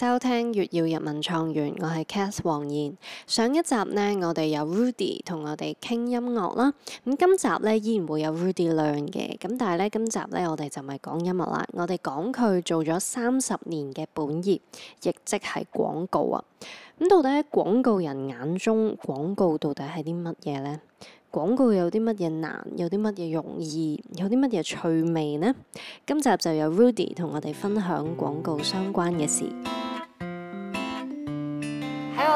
收聽粵要入文創園，我係 Cath 黃妍。上一集呢，我哋有 Rudi 同我哋傾音樂啦。咁今集呢，依然會有 Rudi Leung 嘅。咁但係咧，今集咧，我哋就唔係講音樂啦。我哋講佢做咗三十年嘅本業，亦即係廣告啊。咁到底喺廣告人眼中，廣告到底係啲乜嘢呢？廣告有啲乜嘢難，有啲乜嘢容易，有啲乜嘢趣味呢？今集就有 Rudi 同我哋分享廣告相關嘅事。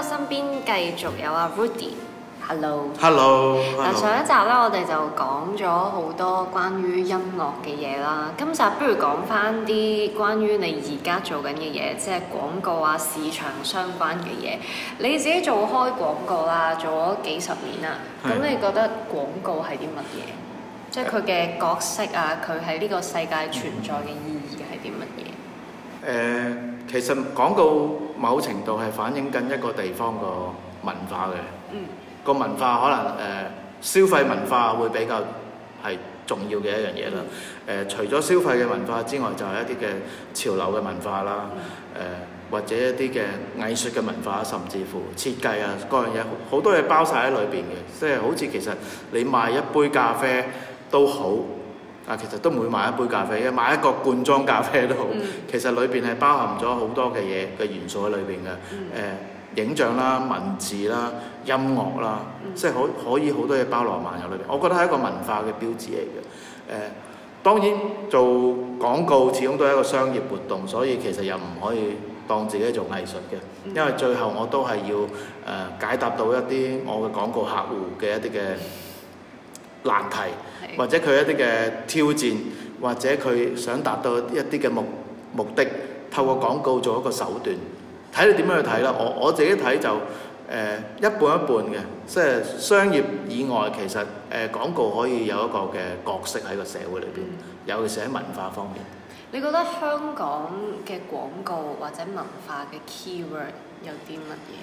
身邊繼續有阿 Rudy，Hello，Hello，嗱上一集咧，我哋就講咗好多關於音樂嘅嘢啦。今集不如講翻啲關於你而家做緊嘅嘢，即係廣告啊、市場相關嘅嘢。你自己做開廣告啦，做咗幾十年啦，咁的你覺得廣告係啲乜嘢？即係佢嘅角色啊，佢喺呢個世界存在嘅意義係啲乜嘢？誒、uh。其實講到某程度係反映緊一個地方個文化嘅，個文化可能誒、呃、消費文化會比較係重要嘅一樣嘢啦。除咗消費嘅文化之外，就係、是、一啲嘅潮流嘅文化啦，誒、呃、或者一啲嘅藝術嘅文化，甚至乎設計啊各樣嘢，好多嘢包晒喺裏邊嘅，即係好似其實你賣一杯咖啡都好。啊，其實都唔會買一杯咖啡嘅，買一個罐裝咖啡都好。Mm hmm. 其實裏邊係包含咗好多嘅嘢嘅元素喺裏邊嘅，誒、mm hmm. 呃、影像啦、文字啦、音樂啦，mm hmm. 即係可可以好多嘢包羅萬有裏邊。我覺得係一個文化嘅標誌嚟嘅。誒、呃，當然做廣告始終都係一個商業活動，所以其實又唔可以當自己做藝術嘅，因為最後我都係要誒、呃、解答到一啲我嘅廣告客戶嘅一啲嘅難題。或者佢一啲嘅挑戰，或者佢想達到一啲嘅目目的，透過廣告做一個手段，睇你點樣去睇啦。我我自己睇就誒、呃、一半一半嘅，即係商業以外，其實誒廣、呃、告可以有一個嘅角色喺個社會裏邊，尤其是喺文化方面。你覺得香港嘅廣告或者文化嘅 keyword 有啲乜嘢？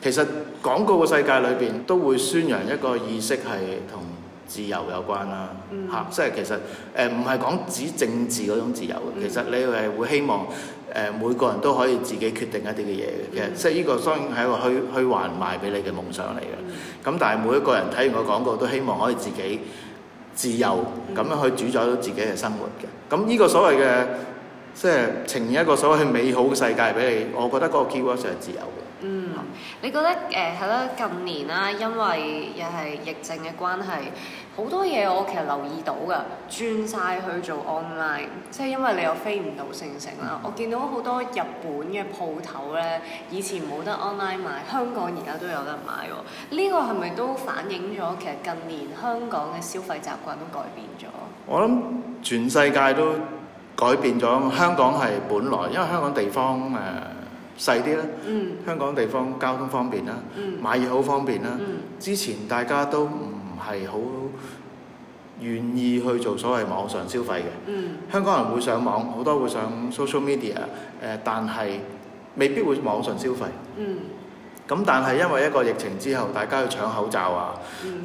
其實廣告嘅世界裏邊都會宣揚一個意識，係同。自由有關啦，嚇、嗯，即係其實誒唔係講指政治嗰種自由嘅，嗯、其實你係會希望誒每個人都可以自己決定一啲嘅嘢嘅，嗯、其實即係呢個當然係一個虛虛幻賣俾你嘅夢想嚟嘅，咁、嗯、但係每一個人睇完個廣告都希望可以自己自由咁、嗯、樣去主宰到自己嘅生活嘅，咁呢、嗯、個所謂嘅即係呈現一個所謂美好嘅世界俾你，我覺得嗰個 key words 係自由嘅。你覺得誒係咯？近年啦，因為又係疫症嘅關係，好多嘢我其實留意到㗎，轉晒去做 online，即係因為你又飛唔到聖城啦。嗯、我見到好多日本嘅鋪頭咧，以前冇得 online 買，香港而家都有得買喎。呢、這個係咪都反映咗其實近年香港嘅消費習慣都改變咗？我諗全世界都改變咗，香港係本來因為香港地方誒。呃細啲啦，嗯、香港地方交通方便啦，嗯、買嘢好方便啦。嗯、之前大家都唔係好願意去做所謂網上消費嘅。嗯、香港人會上網，好多會上 social media、呃、但係未必會網上消費。咁、嗯、但係因為一個疫情之後，大家去搶口罩啊，嗯、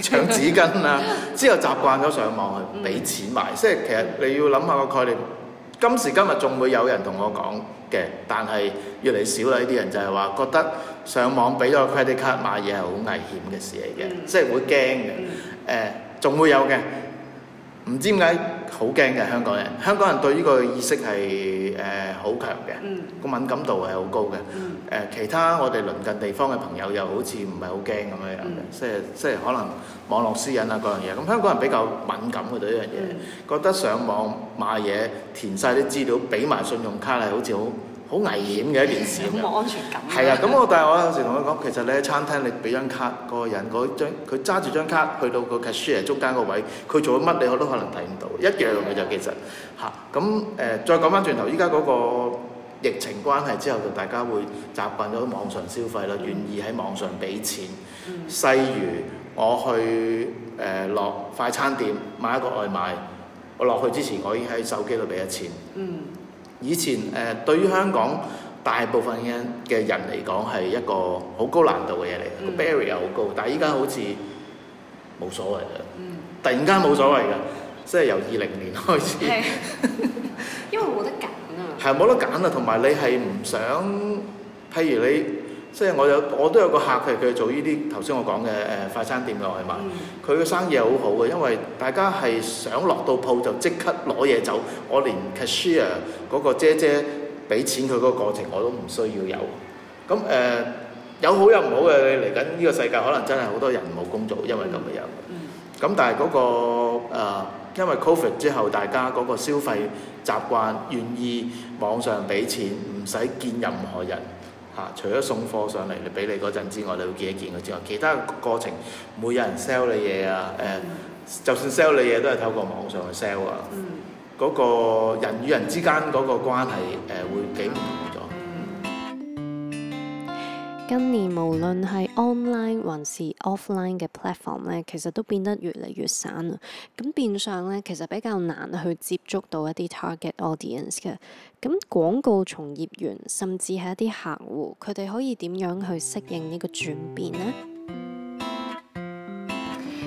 搶紙巾啊， 之後習慣咗上網去俾錢買，即係、嗯、其實你要諗下個概念。今時今日仲會有人同我講嘅，但係越嚟越少啦，呢啲人就係話覺得上網俾咗個 credit card 買嘢係好危險嘅事嚟嘅，即係會驚嘅。誒、呃，仲會有嘅，唔知點解好驚嘅香港人。香港人對呢個意識係。誒好、呃、強嘅，個、嗯、敏感度係好高嘅。誒、嗯呃、其他我哋鄰近地方嘅朋友又好似唔係好驚咁樣嘅，即係即係可能網絡私隱啊各樣嘢。咁香港人比較敏感嘅對呢樣嘢，嗯、覺得上網買嘢填晒啲資料，俾埋信用卡係好似好好危險嘅一件事，冇安全感。係、嗯、啊，咁 我但係我有時同佢講，其實你喺餐廳，你俾張卡個人嗰張，佢揸住張卡去到個 cashier 中間個位，佢做咗乜你都可能睇唔到，嗯、一樣嘅就其實吓，咁、啊、誒、呃，再講翻轉頭，依家嗰個疫情關係之後，就大家會習慣咗網上消費啦，嗯、願意喺網上俾錢。嗯。譬如我去誒落、呃、快餐店買一個外賣，我落去之前，我已經喺手機度俾咗錢。嗯。以前誒、呃、對於香港大部分嘅嘅人嚟講係一個好高難度嘅嘢嚟，嗯、個 barrier 好高，但係依家好似冇所謂啦，嗯、突然間冇所謂㗎，嗯、即係由二零年開始，是 因為冇得揀啊，係冇得揀啊，同埋你係唔想，譬如你。即係我有，我都有個客，佢佢做呢啲頭先我講嘅誒快餐店落去嘛？佢嘅、嗯、生意好好嘅，因為大家係想落到鋪就即刻攞嘢走。我連 cashier 嗰個姐姐俾錢佢個過程我都唔需要有。咁誒、呃、有好有唔好嘅，嚟緊呢個世界可能真係好多人冇工作，因為咁嘅樣。咁、嗯、但係嗰、那個誒、呃，因為 COVID 之後，大家嗰個消費習慣願意網上俾錢，唔使見任何人。除咗送貨上嚟，你俾你嗰陣之外，你會見一見佢之外，其他過程，每個人 sell 你嘢啊，誒、mm hmm. 呃，就算 sell 你嘢都係透過網上去 sell 啊，嗰、mm hmm. 個人與人之間嗰個關係，誒、呃，會幾唔同。今年無論係 online 還是 offline 嘅 platform 咧，其實都變得越嚟越散啦。咁變相咧，其實比較難去接觸到一啲 target audience 嘅。咁廣告從業員甚至係一啲客戶，佢哋可以點樣去適應呢個轉變呢？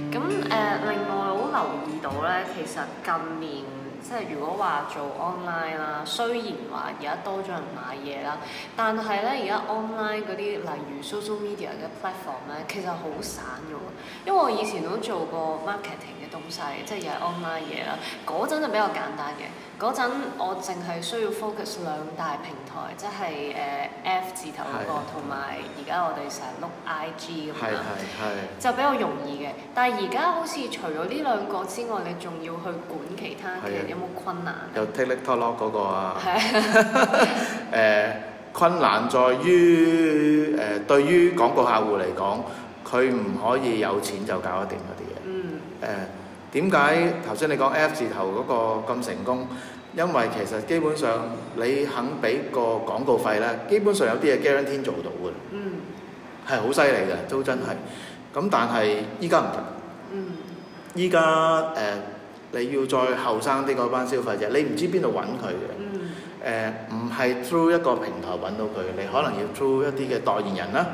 咁誒，uh, 令我好留意到咧，其實近年即係如果話做 online 啦，雖然話而家多咗人買嘢啦，但係咧而家 online 啲例如 social media 嘅 platform 咧，其實好散㗎喎。因為我以前都做過 marketing 嘅東西，即係又係 online 嘢啦。陣就比較簡單嘅，陣我淨係需要 focus 兩大平台，即係誒 F 字頭嗰個同埋而家我哋成日碌 IG 咁樣，係，係，就比較容易嘅。但係而家好似除咗呢兩個之外，你仲要去管其他嘅。有冇困難？有 t a k t or n 嗰個啊？係、 呃、困難在於誒、呃，對於廣告客戶嚟講，佢唔可以有錢就搞得掂嗰啲嘢。嗯。點解頭先你講 A F 字頭嗰個咁成功？因為其實基本上你肯俾個廣告費呢，基本上有啲嘢 g u a r a n t e e 做到嘅。嗯。係好犀利嘅，都真係。咁但係依家唔得。嗯。依家誒。呃你要再後生啲嗰班消費者，你唔知邊度揾佢嘅，唔係、嗯呃、through 一個平台揾到佢，嘅，你可能要 through 一啲嘅代言人啦，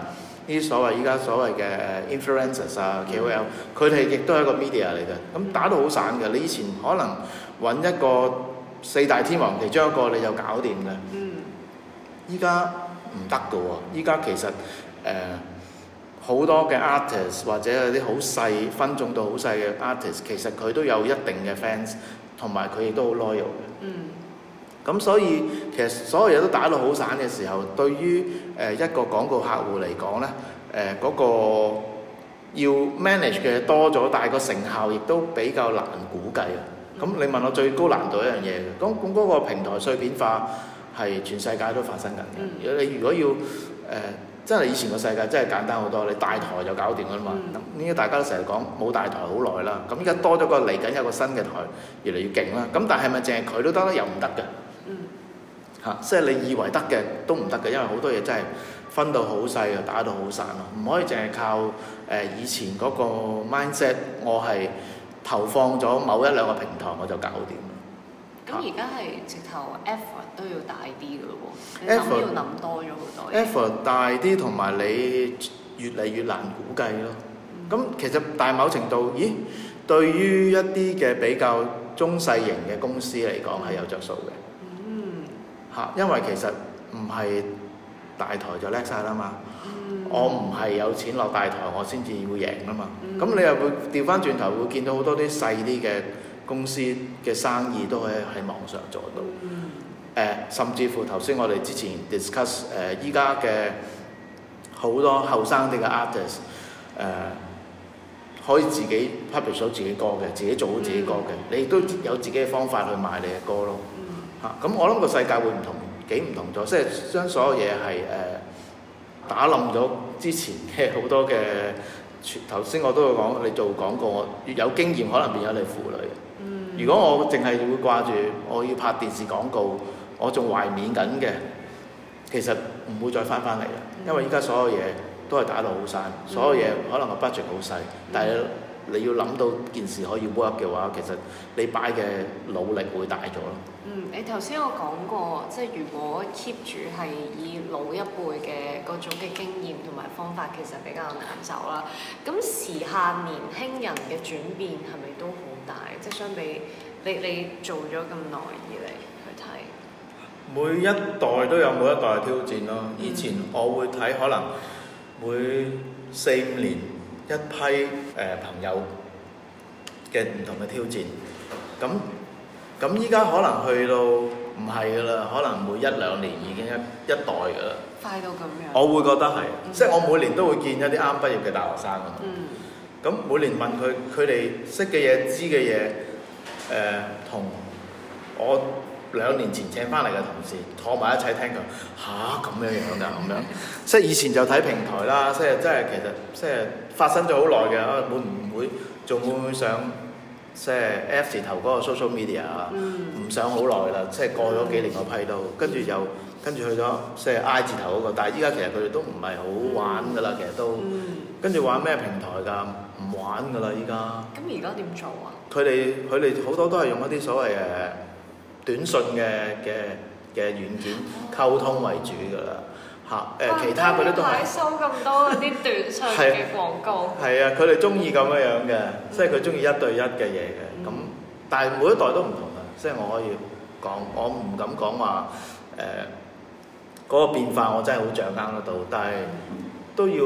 呢啲所謂依家所謂嘅 influencers 啊 KOL，佢哋亦都係一個 media 嚟嘅，咁打到好散嘅，你以前可能揾一個四大天王其中一個你就搞掂嘅，依家唔得㗎喎，依家其實誒。呃好多嘅 artists 或者有啲好細分眾到好細嘅 artists，其實佢都有一定嘅 fans，同埋佢亦都好 loyal 嘅。咁、嗯、所以其實所有嘢都打到好散嘅時候，對於誒、呃、一個廣告客戶嚟講咧，誒、呃、嗰、嗰個要 manage 嘅多咗，但係個成效亦都比較難估計啊。咁你問我最高難度一樣嘢咁咁嗰個平台碎片化係全世界都發生緊嘅。如果、嗯、你如果要誒。呃真係以前個世界真係簡單好多，你大台就搞掂噶啦嘛。呢啲，嗯、大家都成日講冇大台好耐啦。咁依家多咗個嚟緊有個新嘅台越嚟越勁啦。咁但係咪淨係佢都得啦，又唔得嘅吓，即係你以為得嘅都唔得嘅，因為好多嘢真係分到好細啊，打到好散咯。唔可以淨係靠誒、呃、以前個 mindset，我係投放咗某一兩個平台我就搞掂。咁而家係直頭 effort 都要大啲嘅咯喎，effort 要諗多咗好多。effort 大啲同埋你越嚟越難估計咯。咁其實大某程度，咦？對於一啲嘅比較中細型嘅公司嚟講係有着數嘅。嗯。嚇，因為其實唔係大台就叻晒啦嘛。我唔係有錢落大台，我先至會贏吖嘛。咁你又會調翻轉頭會見到好多啲細啲嘅。公司嘅生意都可以喺網上做到，嗯、呃、甚至乎頭先我哋之前 discuss 誒、呃，依家嘅好多後生啲嘅 artist 誒，可以自己 publish 到自己歌嘅，自己做好自己歌嘅，嗯、你都有自己嘅方法去賣你嘅歌咯咁、嗯嗯、我諗個世界會唔同幾唔同咗，即係將所有嘢係誒打冧咗之前嘅好多嘅。頭先我都有講，你做廣告越有經驗可能變咗你婦女。如果我淨係會掛住我要拍電視廣告，我仲懷緬緊嘅，其實唔會再翻翻嚟，因為依家所有嘢都係打到好晒，嗯、所有嘢可能個 budget 好細，嗯、但係你要諗到件事可以 work 嘅話，其實你擺嘅努力會大咗咯。嗯，你頭先我講過，即係如果 keep 住係以老一輩嘅各種嘅經驗同埋方法，其實比較難走啦。咁時下年輕人嘅轉變係咪都好？即係相比你你做咗咁耐以嚟去睇，每一代都有每一代嘅挑戰咯。嗯、以前我會睇可能每四五年一批誒、呃、朋友嘅唔同嘅挑戰，咁咁依家可能去到唔係噶啦，可能每一兩年已經一、嗯、一代噶啦。快到咁樣。我會覺得係即係我每年都會見一啲啱畢業嘅大學生啊。嗯咁每年問佢，佢哋識嘅嘢、知嘅嘢，誒、呃、同我兩年前請翻嚟嘅同事坐埋一齊聽佢吓，咁、啊、樣樣㗎，咁樣，即係 以前就睇平台啦， 即係即係其實即係發生咗好耐嘅，會唔會仲會唔會上即係 F 字頭嗰個 social media 啊？唔上好耐啦，即係過咗幾年個批到，跟住又。 跟住去咗即係 I 字頭嗰個，但係依家其實佢哋都唔係好玩噶啦，嗯、其實都跟住玩咩平台㗎，唔玩噶啦依家。咁而家點做啊？佢哋佢哋好多都係用一啲所謂嘅短訊嘅嘅嘅軟件溝通為主㗎啦，嚇、啊、誒、呃、喂其他嗰啲都係收咁多嗰啲短訊嘅廣告。係 啊，佢哋中意咁樣樣嘅，即係佢中意一對一嘅嘢嘅。咁、嗯、但係每一代都唔同啦，即係我可以講，我唔敢講話誒。呃嗰個變化我真係好掌握得到，但係、嗯、都要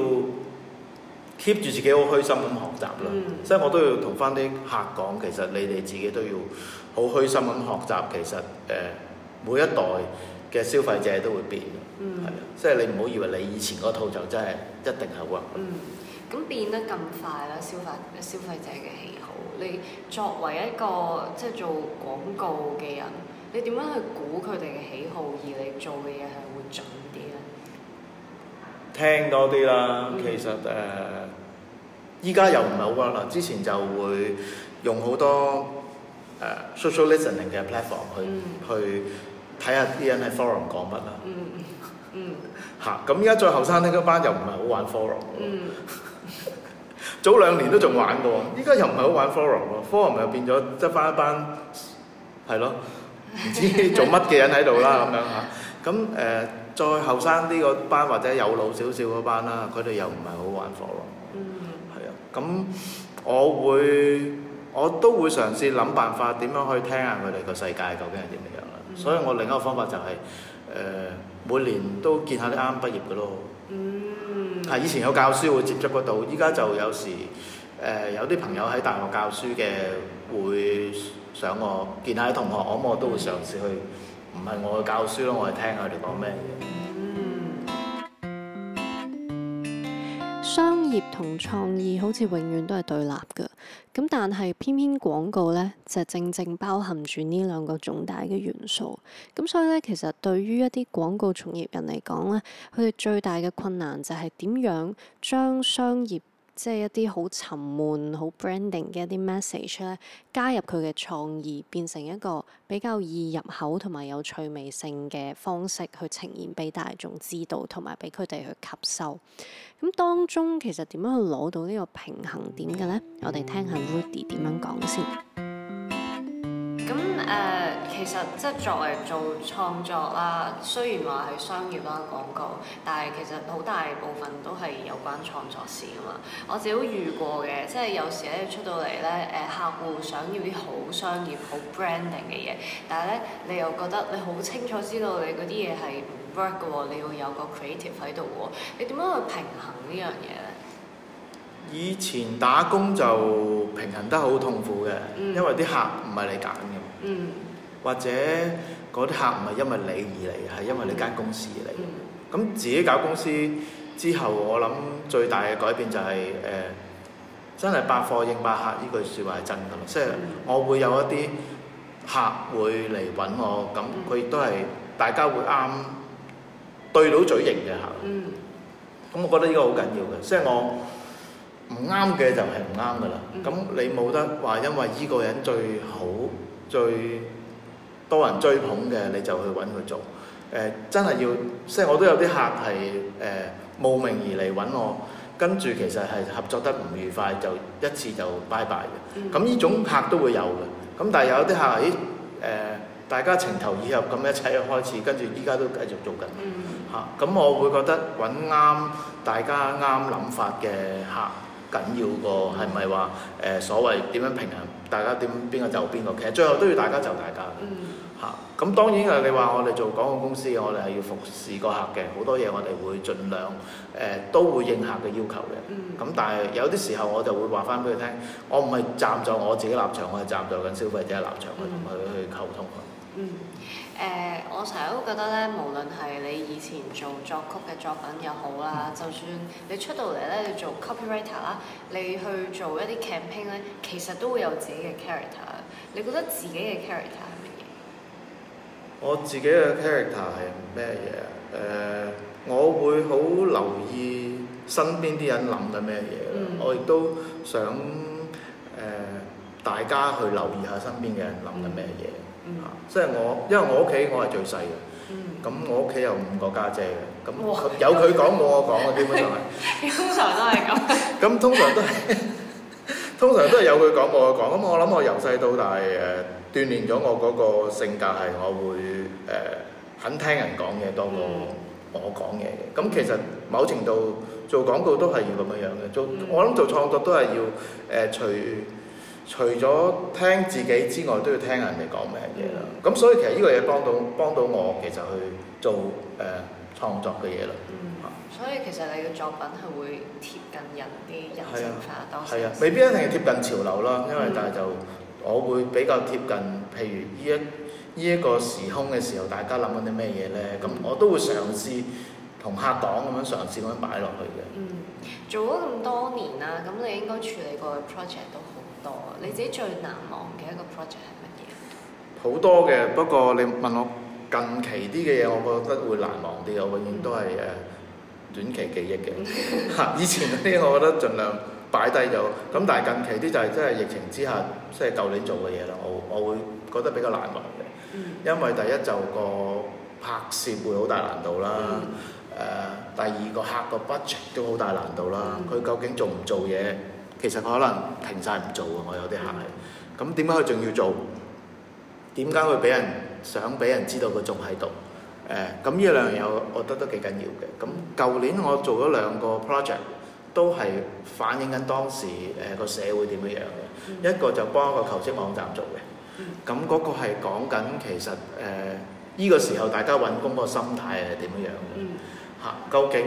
keep 住自己好虛心咁學習啦。嗯、所以我都要同翻啲客講，其實你哋自己都要好虛心咁學習。其實誒、呃，每一代嘅消費者都會變嘅，係啦、嗯。即係你唔好以為你以前嗰套就真係一定係好。嗯，咁變得咁快啦，消費消費者嘅喜好。你作為一個即係、就是、做廣告嘅人，你點樣去估佢哋嘅喜好，而你做嘅嘢係？準聽多啲啦。其實誒，依、呃、家又唔係好 active 啦。之前就會用好多 social listening 嘅 platform 去 去睇下啲人喺 forum 講乜啦。嗯咁依家再後生呢，嗰 班又唔係好玩 forum。 早兩年都仲玩嘅喎，依家又唔係好玩 forum 咯。 forum 又變咗得翻一班係咯，唔知做乜嘅人喺度啦咁樣嚇。咁誒。呃再後生啲個班或者有老少少嗰班啦，佢哋又唔係好玩火咯。嗯、mm，啊、hmm.。咁我會我都會嘗試諗辦法點樣去聽下佢哋個世界究竟係點樣啦。Mm hmm. 所以我另一個方法就係、是、誒、呃、每年都見下啲啱畢業嘅咯。嗯、mm，hmm. 以前有教書會接觸嗰度，依家就有時誒、呃、有啲朋友喺大學教書嘅會想我見下啲同學，咁、mm hmm. 我都會嘗試去。唔係我去教書咯，我係聽佢哋講咩嘢。商業同創意好似永遠都係對立嘅，咁但係偏偏廣告呢，就正正包含住呢兩個重大嘅元素。咁所以呢，其實對於一啲廣告從業人嚟講呢，佢哋最大嘅困難就係點樣將商業，即係一啲好沉悶、好 branding 嘅一啲 message 咧，加入佢嘅創意，變成一個比較易入口同埋有趣味性嘅方式去呈現俾大眾知道，同埋俾佢哋去吸收。咁當中其實點樣去攞到呢個平衡點嘅呢？我哋聽下 Rudi 點樣講先。其實即係作為做創作啦，雖然話係商業啦廣告，但係其實好大部分都係有關創作事㗎嘛。我自己都遇過嘅，即係有時咧出到嚟咧，誒客戶想要啲好商業、好 branding 嘅嘢，但係咧你又覺得你好清楚知道你嗰啲嘢係唔 work 嘅喎，你要有個 creative 喺度喎，你點樣去平衡呢樣嘢咧？以前打工就平衡得好痛苦嘅，嗯、因為啲客唔係你揀嘅。嗯或者嗰啲客唔係因為你而嚟，係因為你間公司而嚟。咁、mm hmm. 自己搞公司之後，我諗最大嘅改變就係、是、誒、呃、真係百貨應百客呢句說話係真噶，啦、mm。即、hmm. 係我會有一啲客會嚟搵我，咁佢都係大家會啱對到嘴型嘅客。咁、mm hmm. 我覺得呢個好緊要嘅，即、就、係、是、我唔啱嘅就係唔啱噶啦。咁、mm hmm. 你冇得話，因為依個人最好最。多人追捧嘅你就去揾佢做，誒、呃、真係要，即係我都有啲客係誒慕名而嚟揾我，跟住其實係合作得唔愉快就一次就拜拜嘅，咁呢、嗯、種客都會有嘅，咁但係有啲客喺、呃、大家情投意合咁一齊開始，跟住依家都繼續做緊。嚇、嗯，咁、啊、我會覺得揾啱大家啱諗法嘅客。緊要個係咪話誒，所謂點樣平衡？大家點邊個就邊個？其實最後都要大家就大家嘅嚇。咁、mm hmm. 啊、當然啊，你話我哋做廣告公司嘅，我哋係要服侍個客嘅，好多嘢我哋會盡量誒、呃、都會應客嘅要求嘅。咁、mm hmm. 但係有啲時候我就會話翻俾佢聽，我唔係站在我自己立場，我係站在緊消費者立場去同佢去溝通。Mm hmm. 誒，uh, 我成日都覺得咧，無論係你以前做作曲嘅作品又好啦，mm hmm. 就算你出到嚟咧，你做 copywriter 啦，你去做一啲 campaign 咧，其實都會有自己嘅 character。你覺得自己嘅 character 係乜嘢？我自己嘅 character 係咩嘢？誒、uh, 我會好留意身邊啲人諗緊咩嘢，mm hmm. 我亦都想誒、uh, 大家去留意下身邊嘅人諗緊咩嘢。Mm hmm. 嗯、即係我，因為我屋企我係最細嘅，咁、嗯、我屋企有五個家姐嘅，咁有佢講冇我講說嘅，基本上係。 通常都係咁。咁 通常都係，通常都係有佢講冇我講。咁我諗我由細到大誒，鍛鍊咗我嗰個性格係，我會誒、呃、肯聽人講嘢多過我講嘢嘅。咁、嗯嗯、其實某程度做廣告都係要咁樣樣嘅，做我諗做創作都係要誒、呃、隨。除咗聽自己之外，都要聽人哋講咩嘢啦。咁、mm. 所以其實呢個嘢幫到幫到我，其實去做誒、呃、創作嘅嘢啦。嗯 mm. 所以其實你嘅作品係會貼近人啲人性化多啲。係啊 Yeah.、嗯，未必一定係貼近潮流啦，因為、mm. 但係就我會比較貼近，譬如呢一呢一、呢個時空嘅時候，大家諗緊啲咩嘢咧？咁我都會嘗試同客講咁樣嘗試咁樣擺落去嘅、mm.。嗯，做咗咁多年啦，咁你應該處理過嘅 project 都好多你自己最難忘嘅一個 project 係乜嘢？好多嘅，不過你問我近期啲嘅嘢，我覺得會難忘啲，我永遠都係誒短期記憶嘅嚇。 以前嗰啲我覺得盡量擺低咗。咁，但係近期啲就係真係疫情之下，即係舊年做嘅嘢啦。我我會覺得比較難忘嘅，嗯、因為第一就個拍攝會好大難度啦，誒、嗯、第二個客個 budget 都好大難度啦，佢、嗯、究竟做唔做嘢？其實可能停晒唔做啊！我有啲客，咁點解佢仲要做？點解佢俾人想俾人知道佢仲喺度？誒、呃，呢依兩樣嘢我覺得都幾緊要嘅。咁舊年我做咗兩個 project，都係反映緊當時誒個社會點樣樣嘅。嗯、一個就幫一個求職網站做嘅，咁嗰、嗯、個係講緊其實誒依、呃呢個時候大家揾工個心態係點樣樣、嗯啊、究竟？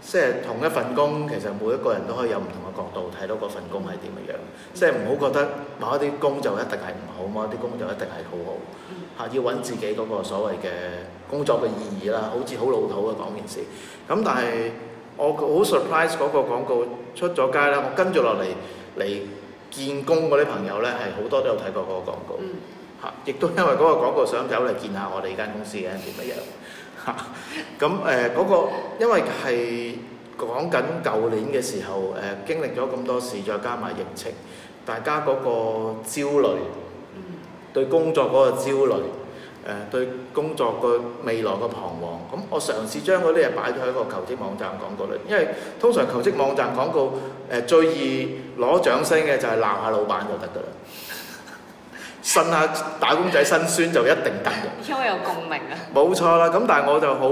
即係同一份工，其實每一個人都可以有唔同嘅角度睇到嗰份工係點樣。即係唔好覺得某一啲工就一定係唔好，某一啲工就一定係好好嚇。要揾自己嗰個所謂嘅工作嘅意義啦。好似好老土嘅講件事。咁但係我好 surprise 嗰個廣告出咗街啦，我跟住落嚟嚟見工嗰啲朋友呢，係好多都有睇過嗰個廣告嚇，亦都、嗯、因為嗰個廣告想走嚟見下我哋間公司嘅點樣。咁誒嗰個，因為係講緊舊年嘅時候，誒、呃、經歷咗咁多事，再加埋疫情，大家嗰個焦慮，嗯、對工作嗰個焦慮，誒、呃、對工作個未來個彷徨，咁、呃、我嘗試將嗰啲嘢擺咗喺個求職網站廣告裏，因為通常求職網站廣告誒、呃、最易攞掌聲嘅就係鬧下老闆就得㗎啦。信下打工仔辛酸就一定得嘅，因為有共鳴啊！冇錯啦，咁但係我就好誒，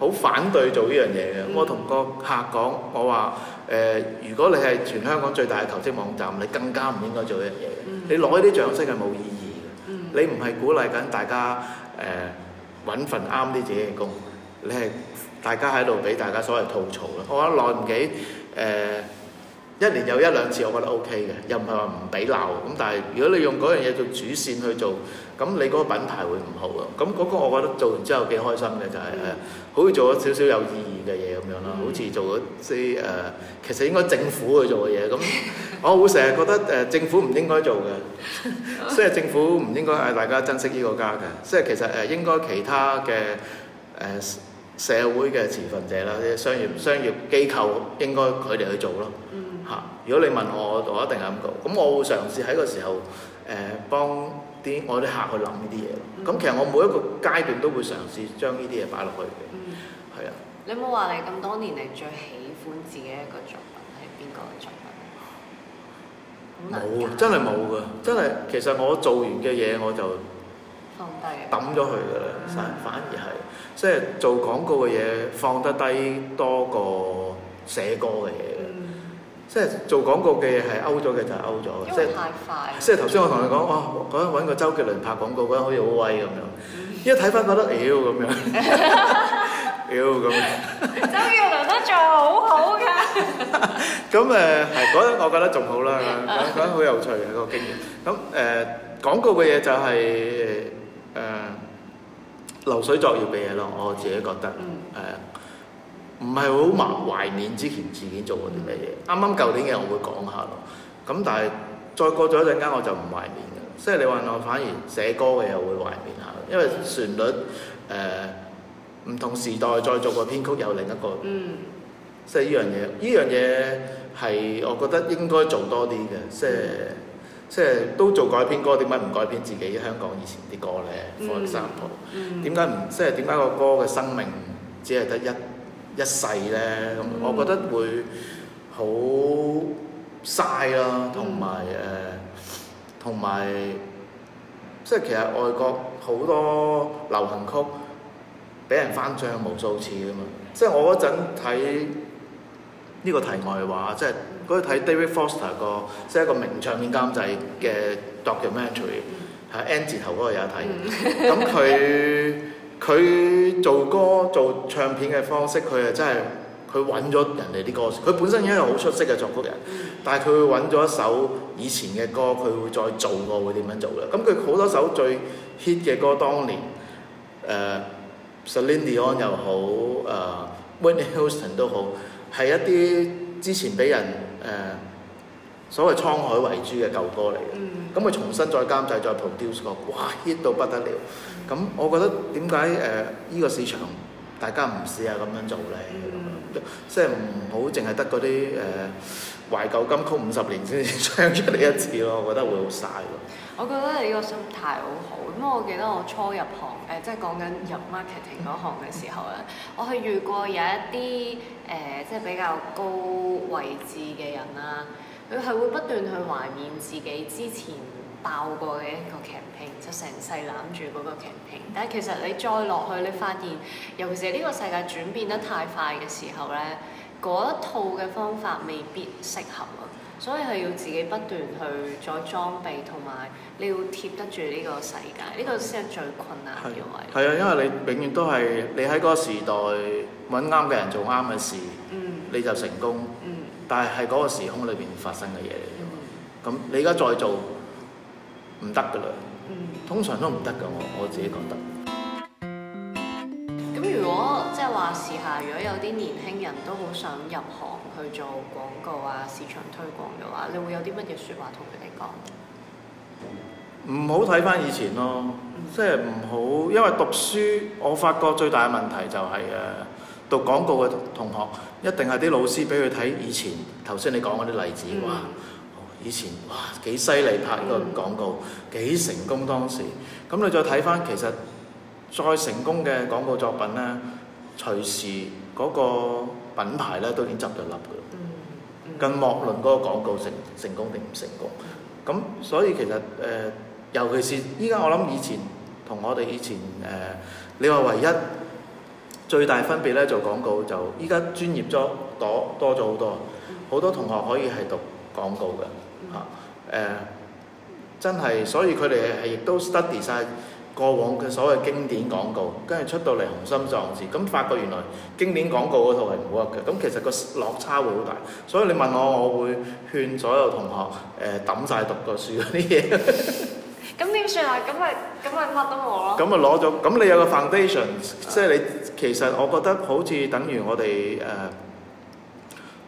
好、呃、反對做呢樣嘢嘅。我同個客講，我話誒，如果你係全香港最大嘅求職網站，你更加唔應該做呢樣嘢。嗯、你攞呢啲獎盃係冇意義嘅，嗯、你唔係鼓勵緊大家誒搵、呃、份啱啲自己嘅工，嗯、你係大家喺度俾大家所謂吐槽啦。我話耐唔幾誒。呃一年有一兩次，我覺得 O K 嘅，又唔係話唔俾鬧咁。但係如果你用嗰樣嘢做主線去做，咁你嗰個品牌會唔好啊？咁、那、嗰個我覺得做完之後幾開心嘅，就係、是、誒，嗯、好似做咗少少有意義嘅嘢咁樣啦，嗯、好似做咗啲誒，其實應該政府去做嘅嘢。咁、嗯、 我會成日覺得誒、呃、政府唔應該做嘅，即係 政府唔應該嗌大家珍惜呢個家嘅。即係其實誒、呃、應該其他嘅誒、呃、社會嘅持份者啦，啲、就是、商業商業機構應該佢哋去做咯。嗯嚇！如果你問我，我一定係咁講。咁我會嘗試喺個時候誒、呃、幫啲我啲客去諗呢啲嘢。咁、嗯、其實我每一個階段都會嘗試將呢啲嘢擺落去。嘅、嗯。係啊的。你冇話你咁多年嚟最喜歡自己一個作品係邊個嘅作品？冇啊！真係冇噶，真係其實我做完嘅嘢我就放低抌咗佢噶啦。反、嗯、反而係即係做廣告嘅嘢放得低多過寫歌嘅嘢。即係做廣告嘅嘢係勾咗嘅就係勾咗，因為太快，即係頭先我同你講哇，講緊揾個周杰倫拍廣告，覺得好似好威咁樣。一睇翻覺得妖咁樣，妖咁樣。周杰倫都做好好㗎。咁誒係嗰陣，呃、我覺得仲好啦，覺得覺得好有趣嘅一 個經驗。咁誒、呃、廣告嘅嘢就係、是、誒、呃、流水作業嘅嘢咯，我自己覺得誒。Mm. 嗯呃唔係好埋懷念之前自己做過啲咩嘢，啱啱舊年嘅我會講下咯。咁但係再過咗一陣間，我就唔懷念嘅，即係你話我反而寫歌嘅又會懷念下，因為旋律誒唔、呃、同時代再做個編曲有另一個，嗯。即係呢樣嘢，呢樣嘢係我覺得應該做多啲嘅、即係，即係即係都做改編歌，點解唔改編自己香港以前啲歌咧？For example，點解唔即係點解個歌嘅生命只係得一？一世咧，咁我覺得會好嘥啦，同埋誒，同、呃、埋即係其實外國好多流行曲俾人翻唱無數次噶嘛。即係我嗰陣睇呢個題外話，即係嗰日睇 David Foster 個，即係一個名唱片監製嘅 documentary，喺 N、mm hmm. 嗯、字頭嗰個有睇。咁佢。 佢做歌做唱片嘅方式，佢係真係佢揾咗人哋啲歌，佢本身已經係好出色嘅作曲人，但係佢會揾咗一首以前嘅歌，佢會再做過，會點樣做嘅？咁佢好多首最 hit 嘅歌，當年誒 Celine Dion 又好，誒、呃、Whitney Houston 都好，係一啲之前俾人誒。呃所謂滄海遺珠嘅舊歌嚟嘅，咁佢、嗯、重新再監製再 produce 個，哇 hit 到不得了！咁我覺得點解誒依個市場大家唔試下咁樣做咧？即係唔好淨係得嗰啲誒懷舊金曲五十年先唱出嚟一次咯，我覺得會好嘥咯。我覺得你呢個心態好好，咁我記得我初入行誒、呃，即係講緊入 marketing 嗰行嘅時候咧，嗯嗯、我係遇過有一啲誒、呃、即係比較高位置嘅人啦。佢係會不斷去懷念自己之前爆過嘅一個 campaign，就成世攬住嗰個 campaign。但係其實你再落去，你發現，尤其是呢個世界轉變得太快嘅時候咧，嗰一套嘅方法未必適合啊。所以係要自己不斷去再裝備，同埋你要貼得住呢個世界，呢、呢個先係最困難嘅位。係啊，因為你永遠都係你喺嗰個時代揾啱嘅人做啱嘅事，嗯、你就成功。嗯但係係嗰個時空裏邊發生嘅嘢嚟嘅嘛，咁、mm hmm. 你而家再做唔得㗎嘞，mm hmm. 通常都唔得㗎，我我自己覺得。咁如果即係話時下如果有啲年輕人都好想入行去做廣告啊、市場推廣嘅話，你會有啲乜嘢説話同佢哋講？唔好睇翻以前咯，即係唔好，因為讀書我發覺最大嘅問題就係、是、誒。讀廣告嘅同學一定係啲老師俾佢睇，以前頭先你講嗰啲例子、嗯、哇！以前哇幾犀利拍呢個廣告，幾、嗯、成功當時。咁你再睇返，其實再成功嘅廣告作品呢，隨時嗰個品牌呢都已經執咗笠嘅。嗯，更莫論嗰個廣告成成功定唔成功。咁所以其實誒、呃，尤其是依家我諗以前同我哋以前誒、呃，你話唯一。最大分別呢，做廣告就依家專業咗多多咗好多，好多，多，多同學可以係讀廣告嘅嚇、誒，真係所以佢哋係亦都 study 晒過往嘅所謂經典廣告，跟住出到嚟雄心壯志，咁發覺原來經典廣告嗰套係唔好嘅，咁其實個落差會好大，所以你問我，我會勸所有同學誒、抌晒讀個書嗰啲嘢。咁點算啊？咁咪？咁咪乜都冇咯。咁咪攞咗，咁你有個 foundation，即係你其實我覺得好似等於我哋誒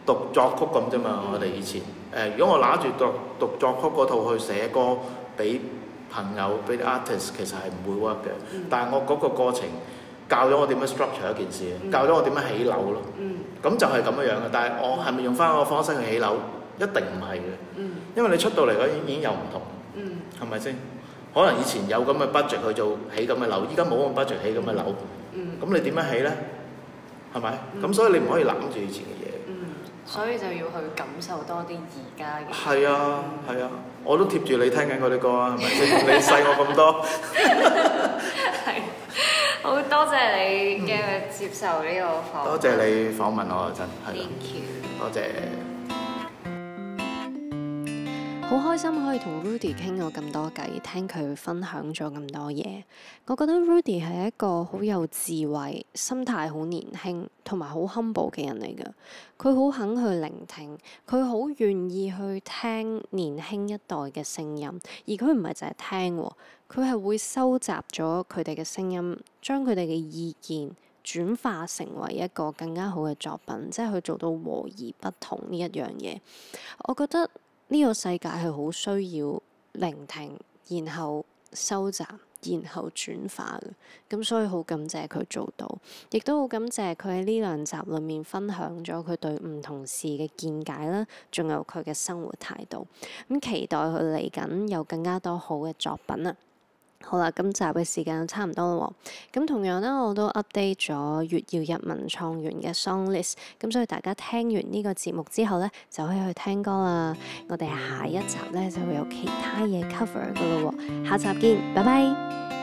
讀作曲咁啫嘛。我哋以前誒，如果我攞住讀讀作曲嗰套去寫歌，俾朋友俾啲 artist，其實係唔會 work 嘅。但係我嗰個過程教咗我點樣 structure 一件事，教咗我點樣起樓咯。咁就係咁樣樣嘅。但係我係咪用翻嗰個方式去起樓？一定唔係嘅。因為你出到嚟嗰已經又唔同。係咪先？可能以前有咁嘅 budget 去做起咁嘅樓，依家冇咁 budget 起咁嘅樓，咁你點樣起呢？係咪？咁所以你唔可以攬住以前嘅嘢。嗯，所以就要去感受多啲而家嘅。係啊，係啊，我都貼住你聽緊嗰啲歌啊，係咪先？你細我咁多。係，好多謝你嘅接受呢個訪問。多謝你訪問我啊，真係。多謝。好開心可以同 Rudy 傾咗咁多偈，聽佢分享咗咁多嘢。我覺得 Rudy 係一個好有智慧、心態好年輕同埋好 humble 嘅人嚟㗎。佢好肯去聆聽，佢好願意去聽年輕一代嘅聲音。而佢唔係淨係聽，佢係會收集咗佢哋嘅聲音，將佢哋嘅意見轉化成為一個更加好嘅作品，即係去做到和而不同呢一樣嘢。我覺得。呢個世界係好需要聆聽，然後收集，然後轉化嘅，咁所以好感謝佢做到，亦都好感謝佢喺呢兩集裏面分享咗佢對唔同事嘅見解啦，仲有佢嘅生活態度，咁期待佢嚟緊有更加多好嘅作品啊！好啦，今集嘅時間差唔多咯喎，咁同樣呢，我都 update 咗月耀日文創園嘅 song list，咁所以大家聽完呢個節目之後呢，就可以去聽歌啦。我哋下一集呢，就會有其他嘢 cover 噶啦喎，下集見，拜拜。